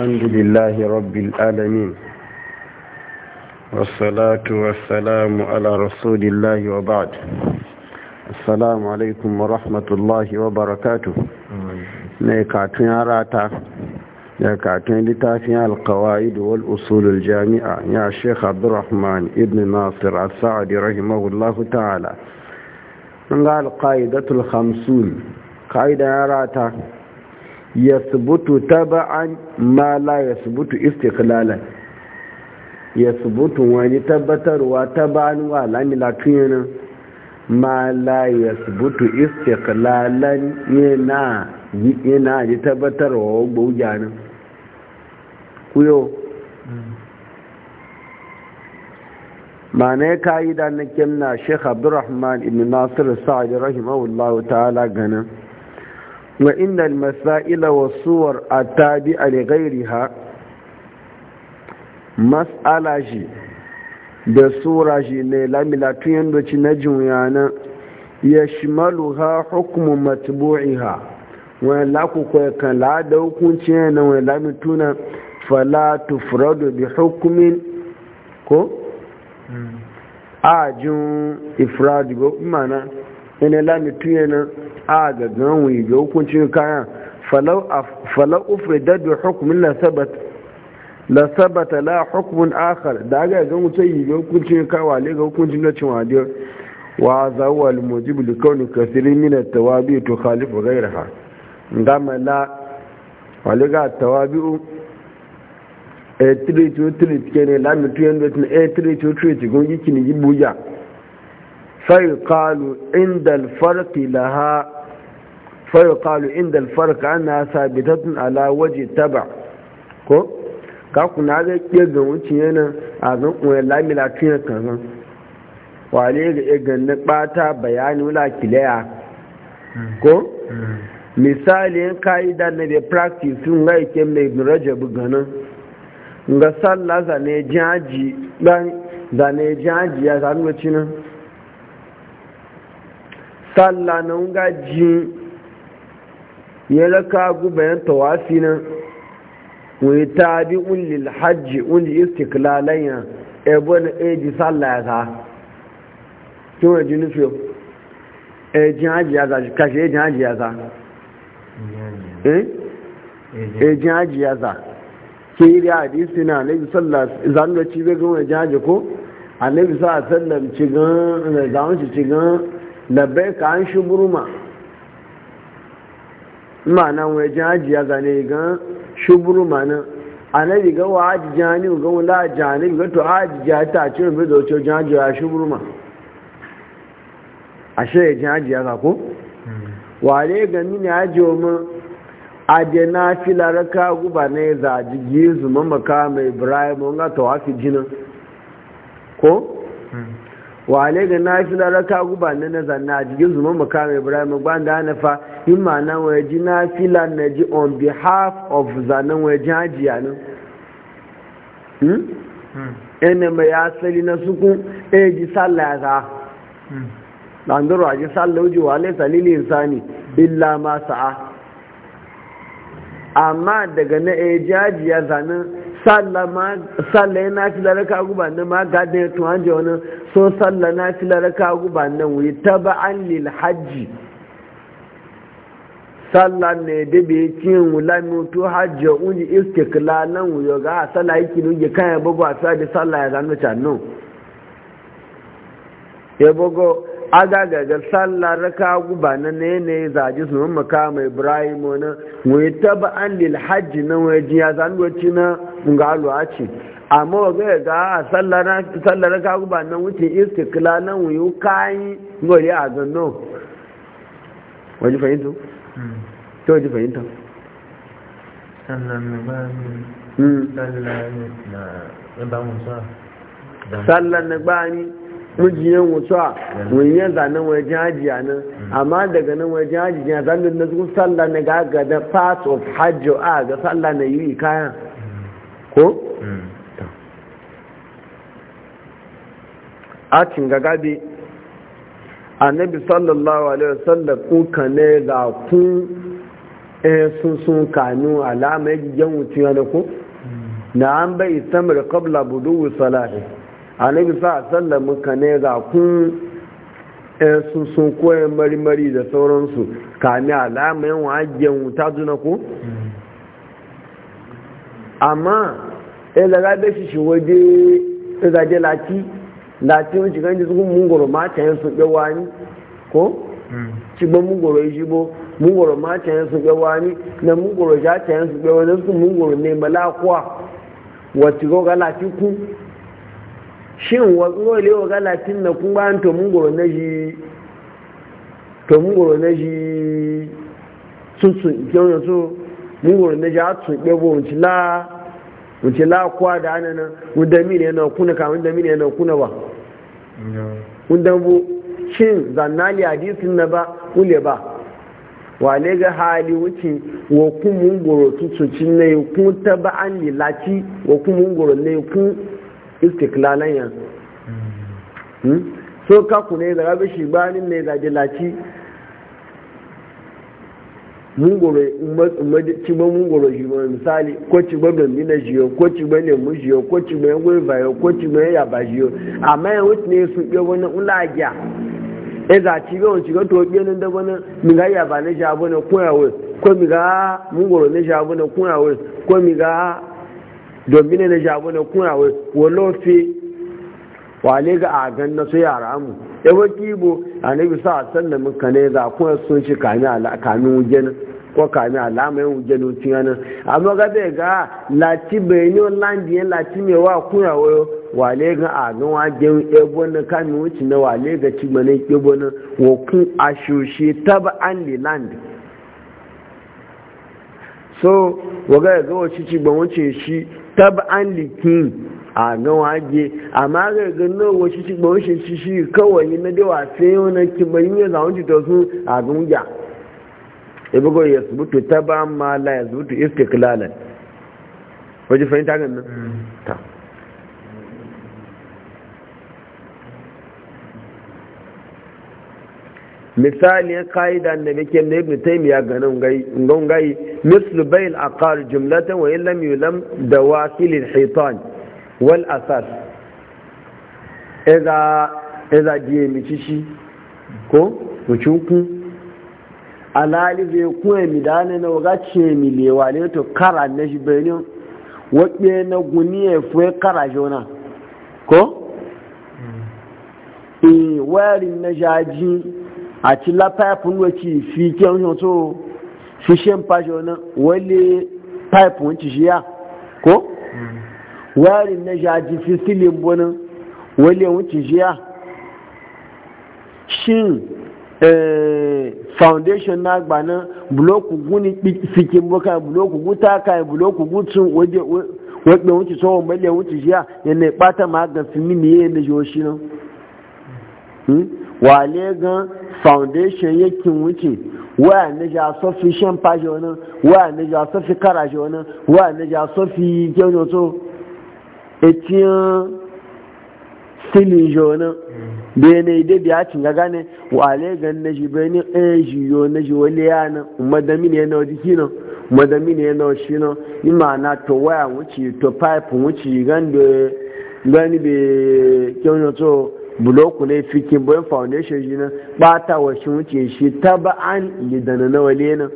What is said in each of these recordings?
الحمد لله رب العالمين والصلاة والسلام على رسول الله وبعد السلام عليكم ورحمة الله وبركاته نيكاتون راتا نيكاتون لتافين القواعد والأصول الجامعة يا شيخ عبد الرحمن ابن ناصر السعدي رحمه الله تعالى من قال قاعدة الخمسون قاعدة راتا yasbutu taba'an ma la yasbutu istiqlalan yasbutu wani tabbatarwa taba'an wa lamila tunyana ma la yasbutu istiqlalan yana yana ji tabbatarwa gbojanin kuyo ma yi da na kimna sheikh abdurrahman ibn nasir sa'adu rahimahullahu ta'ala ganin wa innal masaila wa suwar attabi'a li ghayriha mas'ala shi da sura shi ne lamila tun yadda ci na juyanan ya shimalu ha hukumu matubu'i ha wani lakukwai kan lada hukunci yana wani lamituna fala tufradu bi hukumin ko? Hmm. ajin ifradu ko mana yana lamitun yana Aga ga ganwai ga hukuncin kayan falau ufridar da hukumin la sabata la hukumin akar da aga ga wuce yi ga hukuncin kawa ne ga hukuncin na cewa diyar wa zawo almujibu da kaunin kasirin minar tawabi to khalifu gairaha gama e la waliga tawabi'u etrit kene lami 200 etrit etrit gungi kini buya? sai qalu inda alfarqi laha فيقال عند الفرق أنها ثابتة على وجه taba ko ka kuna ga kirgin wuce a zan kuma lamila tuna ga igan na bata bayani wula ko misali yan ka'ida na da practice sun mai ga zane jaji dan zane jaji ya zanu cinan nan ga ya raka gubayen tawafi nan wai tabi unlil hajji unli istiklalan ya ebe na eji sallah ya ki wani jini fiye eji hajji ya ta kashe eji hajji ya ta eh eji hajji ya ta ke yi da hadisi na alaihi sallah zanuwa cibe gan wajen hajji ko alaihi sallah sallam cigan eh, zaunci cigan labbai ka an shi buruma ma'ana wai jin ajiya zane ga shuburu ma'ana annabi ga wa ajiya jani ga wala jani ga to ajiya ta ce mu da to jin ya shuburu ma ashe jin ajiya ga ko hmm. wale ga mini ajiyo mu ajiya na laraka guba ne za jigi zuma maka mai ibrahim ga fi jinin ko hmm. wale ga na laraka guba ne na zanna jigi zuma maka mai ibrahim ba da na fa yi ma'ana waje na fila na ji on behalf of zanen waje hajiya nan yana mai asali na hmm? hmm. suku e ji sallah ya za ɗandaro hmm. a ji sallah wa laisa lili insani illa ma sa'a amma daga na e ji hajiya zanen ma ya na fila raka guba na ma gadon ya tuwa wani so sallah na fila raka guba nan wuyi ta ba'an lil hajji sallah ne da bai ci wula mutu hajji unji istiklalan wuyo ga sallah yake nuge kayan bugu a sa da sallah ya zanu cannu ya aga-ga-ga sallah raka ba na ne ne zaji su mun makama ibrahim na wai taba an lil hajji na waje ya zanu wace na ngalo a ce amma ga ga sallah sallah raka guba na wuce istiklalan wuyo kai ngori a zanno waje fahimtu kyau ji fahimta sallan na gbani mujiyan wucewa wunyen zanen wajen hajiya nan amma daga nan wajen hajiya zanen na zuwa sallan na gaga da part of hajjo a ga sallan na yi kayan ko? a mm. cin gagabe annabi sallallahu alaihi wasallam kuka ne ga kun Eh, sun sun kanu alama yajiyan wuce yana ko na an bai samar kabla budu salahi annabi sa sallar muka ne ga kun eh, sun sun koyan marimari da sauransu kami alama yan wajen wuta zuna ko amma ilaga eh, da shi shi waje zaje lati lati wuce ganji su mun goro ma ta ɗewa ni ko ci ba mun yi shi bo mungoro ma ta yansu ɓe wani na mungoro ja ta yansu ɓe wani su mungoro ne mala kuwa wati go gala ti ku shin wa ngo le o gala tin na kun ba to mungoro na ji to mungoro na ji tutsun na so mungoro na ji a be go wuce la wuce la kuwa da ana nan wanda ne yana kuna ka dami ne yana kuna ba wanda bu shin zanali hadisin na ba kule ba wale ga hali wuce wa kuma ngoro na yi kun taba an lilaci wa kuma ngoro yi kun istiklalan ya hmm? so ka ku ne da rabe shi banin ne zaje laci mungoro ci ba mungoro shi ba misali ko ci ba gambina shi yo ko ci ba lemu shi yo ko ci ba gwai yo ko ci ba yaba shi amma yawon ne sun ɗaya wani ulagiya e za ci ga wanci ga tobe nan da ya ba na shi abu na kuyawe ko mi mungoro na shi abu na kuyawe ko mi domine na shi abu na kuyawe wallo wale ga agan na yara mu ya waki bo annabi sa sallan mun kane za ku sun shi ala ko amma ga ga lati ni landi lati me wa wale ga a ga wajen ebonu kami wuce na wale ga ci mana wakun a shushe taba an so waga ga wace ci ban wuce shi taba an likin a ga waje amma ga ga na wace ci wuce shi shi kawai na dawa sai yau na kimanin ya zaun ci ta su a ya zubutu taba la ya zubutu fahimta ganin mm. ta misali ka'ida da muke ne ibn taymiya ganin gai mislu bayl aqar jumlatan wa illam yulam da alhitan wal asas idza idza diye micishi ko mucuku alali zai ku mi da ne na waga ce mi lewale to kara na shi benin wakpe na guniye fuwe kara jona ko? Hmm. i wari na jaji àti lápáyà fún ló ti fi kí ọ̀hún tó fi ṣe ń pàṣẹ ọ̀nà wọ́n lé páìpù ń ti ṣe yá kó wáyàrì mẹ́ṣẹ́ àti fi sílẹ̀ ń bọ́ná wọ́n lé ti ṣe foundation náà gbà náà búlọ́ọ̀kù gún ní fìkì mbọ́ká búlọ́ọ̀kù gún táàkà búlọ́ọ̀kù gún tún wọ́n pè ń ti sọ́wọ́ mẹ́lẹ̀ ń ti ṣe yá yẹn pátá máa fi mí nìyẹn ṣe náà wà gan foundation yakin wuce waya na ja sofi shampa shi wani waya na ja sofi kara wani waya na ja sofi kyau so etiyan silin shi wani da biya cin gaga ne wa alegan na shi bai ni ɗaya yo na wale ya na madami ne yana jiki nan madami ne yana shi nan ima na to waya wuce to pipe wuce gani bai so buloku ne fikin bayan foundation shi nan bata wa shi wuce shi ta ba'an lidana na wale nan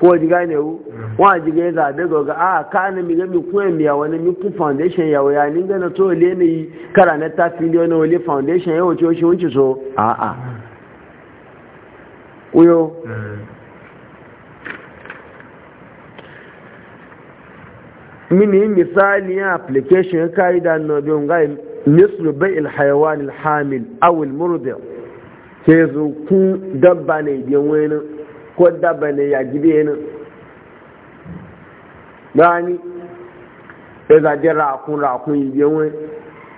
ko ji gane wu wa ji ga zabe ga ga a ah, ka na mi ga mi ku mi ya wani mi ku foundation ya wa ya ni ga na to wale ne yi kara na ta filiyo na wale foundation ya wuce shi wuce so a a uyo hmm. mini misali application ka'ida na biyu مثل بيع الحيوان الحامل aw المرضع sai zo ku dabba ne biyan wani ko dabba ne راكون gibe ne gani sai za je rakun yi biyan wani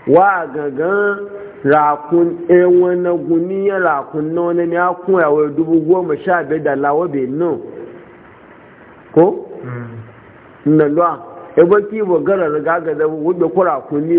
wa gangan rakun ɗan e wani guni ya rakun ne ya dubu goma sha biyar da bai ko? Mm. bo gara riga ga da wuɗe kura kun ne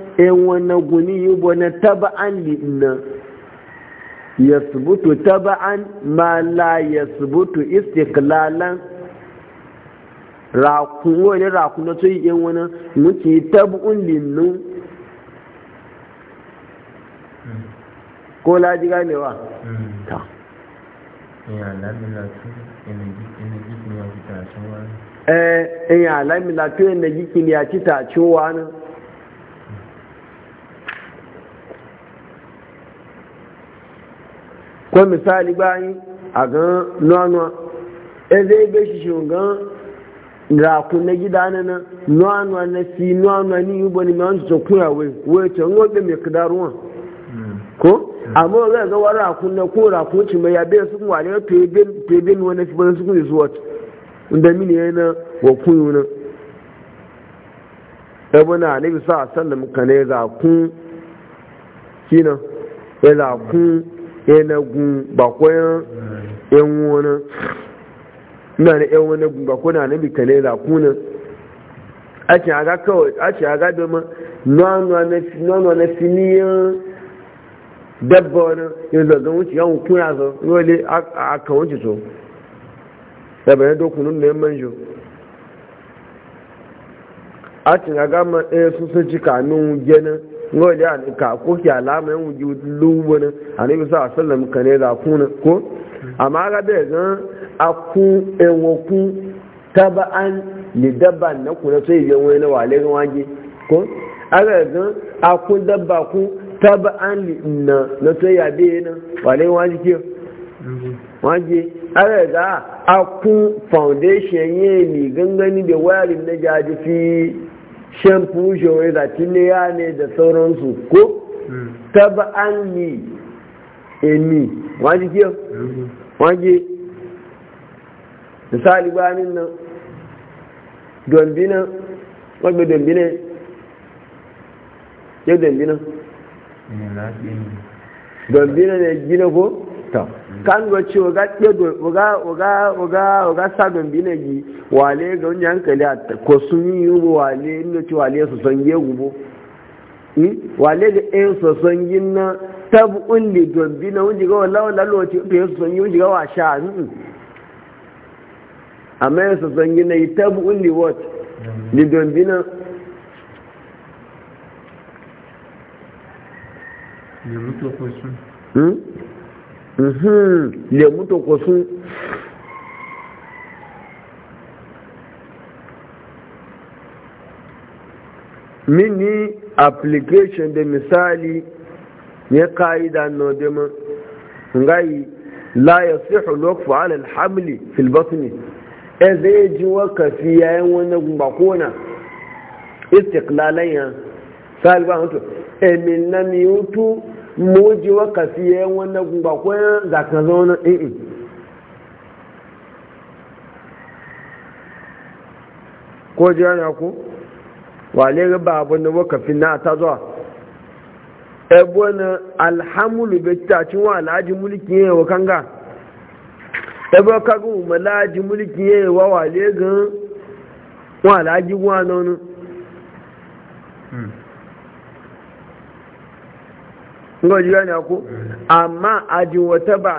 in wani guni yi wani taba'an li'ina ya subutu taba'an ma la ya subutu istiklalan rakun wani rakun na tsoyi in wani muke taba'un li'inu ko laji ganewa hmm. ta in yi alamila to yin da jikin ya ci tacewa nan ko misali bayi a gan nuwa in e zai bai shi shugan raku na gida na na nuwa na fi nuwa ni yi bani mai wancan kuya wai wai ce n gobe mai kidaruwa ko amma zai ga wani rakun na ko rakun ci mai yabe su kuma ne tebe ni wani fi su kuma inda mini ya na wa kuyu na ebuna ne bisa sallam ya enegun bakwayan yan wani na na yan wani gun bakwai na bi kane da kuna a ce aga kawai a ce aga dama nwanwa na finiyan dabba wani yin zargan wuce yawon kuna zo wale a kan wuce so da bayan dokunan na yan manjo a ce aga ma ɗaya e, sun sun ci kanun genin ngo da ka ko ki alama yan wuji lubu ne bi sallallahu alaihi wasallam kane da kuna ko amma ga da ga aku ewoku taba'an li dabba na kuna to yi yan wani wale ga waje ko aga ga aku dabba ku taba'an li na na to ya be na wale waje ke waje aga ga aku foundation yin ni gangani da wayarin na jaji fi shamfu shawai da tiliya ne da sauransu ko taba an yi emi waje kiyo waje misali bayanin nan dombina wagbe dombina yau dombina dombina ne gina ko ta kan ga ce waga ɗedo waga waga waga waga sagon bina gi wale ga wani hankali a ko sun yi yugo wale inda ci wale su san ye gubo wale ga ɗayan su san yi na tabu'un li don bina wani ga wala wala lokaci to ya su san yi wani ga wa sha hmm? amma ya su san yi na yi tabu'un li what li don bina Hmm? Uhuh, lemu to ko mini application da misali ya ka'ida na dama ngayi la ya sihu lokfu ala alhamli fil e zai ji wakafi yayin wani bakona istiklalan ya sa'al ba moji eh, eh. wa kasi ya wannan gumba ko za ka zauna eh ko ji yana ku wale riba abin da waka fi na ta zuwa ebe na alhamulu bai ci wa alhaji mulki ya wa kanga ebe kagun umala alhaji mulki ya wa wale gan wa alhaji wa nanu kuma ji yana ko amma aji wata ba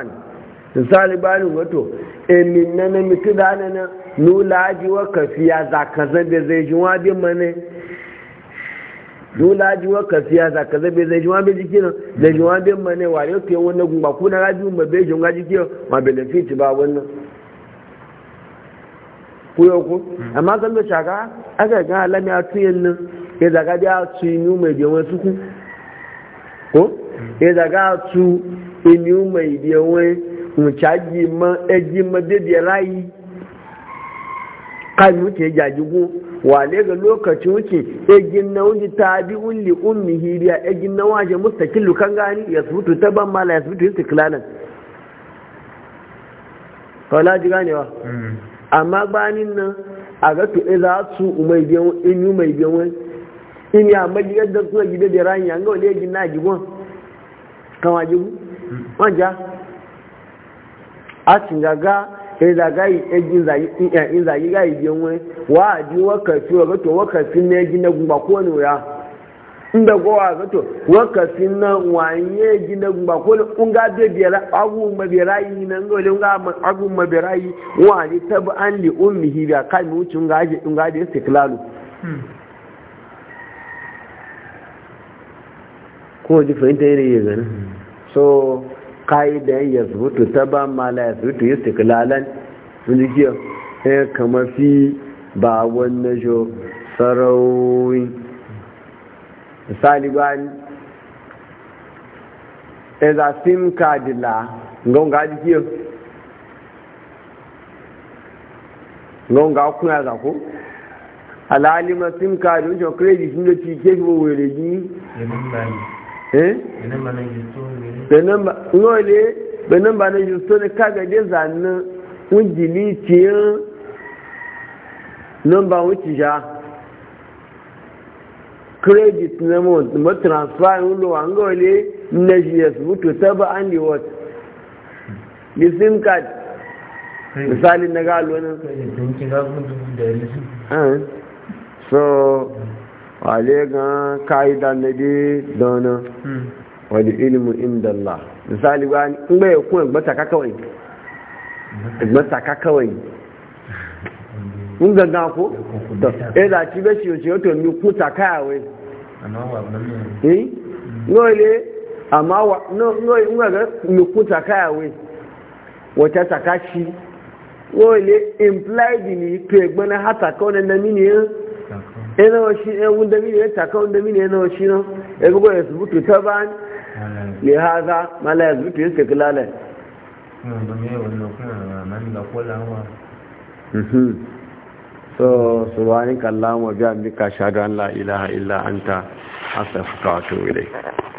misali ni wato emin na na mitu da na na nula aji wa kafiya za ka zabe zai ji wa bin mane nula aji wa kafiya za ka zabe zai ji wa bin jiki nan zai ji wa bin mane wa yau ke wani gumba ko na rabi ma bai ji wa jiki ma benefit fiti ba wannan ko yau ko hmm. amma zan da shaka aka ga alamiya tuyin nan ya e zaga da tuyin mai biyan wasu ku ko ya daga su imi mai biyanwe mucaji ma eji ma bebe rayi kan muke jajigo wale ga lokaci wuce egin na wuni tabi ulli ummi hiriya egin na waje mustaqilu kan gani ya sutu taban mala ya sutu la wa mm. amma a ga to su umai in ya amma gidan da suka gida da ga wale kan wọ́n já a ti gaga inzagi ga ibi onwe wa adi wakafi wa gato wakafi na eji ya inda gowa gato wakafi na wanye eji na gumba ko ne un ga be biyara agu mabirayi na an li ko fahimta ya so ka'idan ya zubutu ta ba mala ya zubutu yi stiklalan wani jiya ya kama fi ba wani jo sarauyi misali ba ni ẹza sim kaadi la ngonga di kiyo ngonga za ku zako alalima sim kaadi wajen credit ne ci ke were yi eh ngole benin ba na justo ne kaga dai zannin un dilitiyin nan ba wuce ja credit na mon ma transfer yin lowa ngole ne. jiyas mutu ta ba an di wat di sim card misali na galo nan eh? so mm. wale gan ka'ida na dai dana hmm. wani ilimin inda Allah misali ba ni in bai kun gbata ka kawai gbata ka kawai in ganga ko da eh da ci be shi yo to mi ku ta kawai eh no ile amma wa no no in ga mi ku ta kawai wata takashi no ile implied ni to egbona hata ko na mini eh ina wa shi ɗan e wunda mini ya e taka wunda mini yana wa shi nan e ya gugu ya zubutu ta ba ne haza mala ya zubutu ya suka kilala so subhanaka allahumma bihamdika ashhadu an la ilaha illa anta astaghfiruka wa atubu ilayk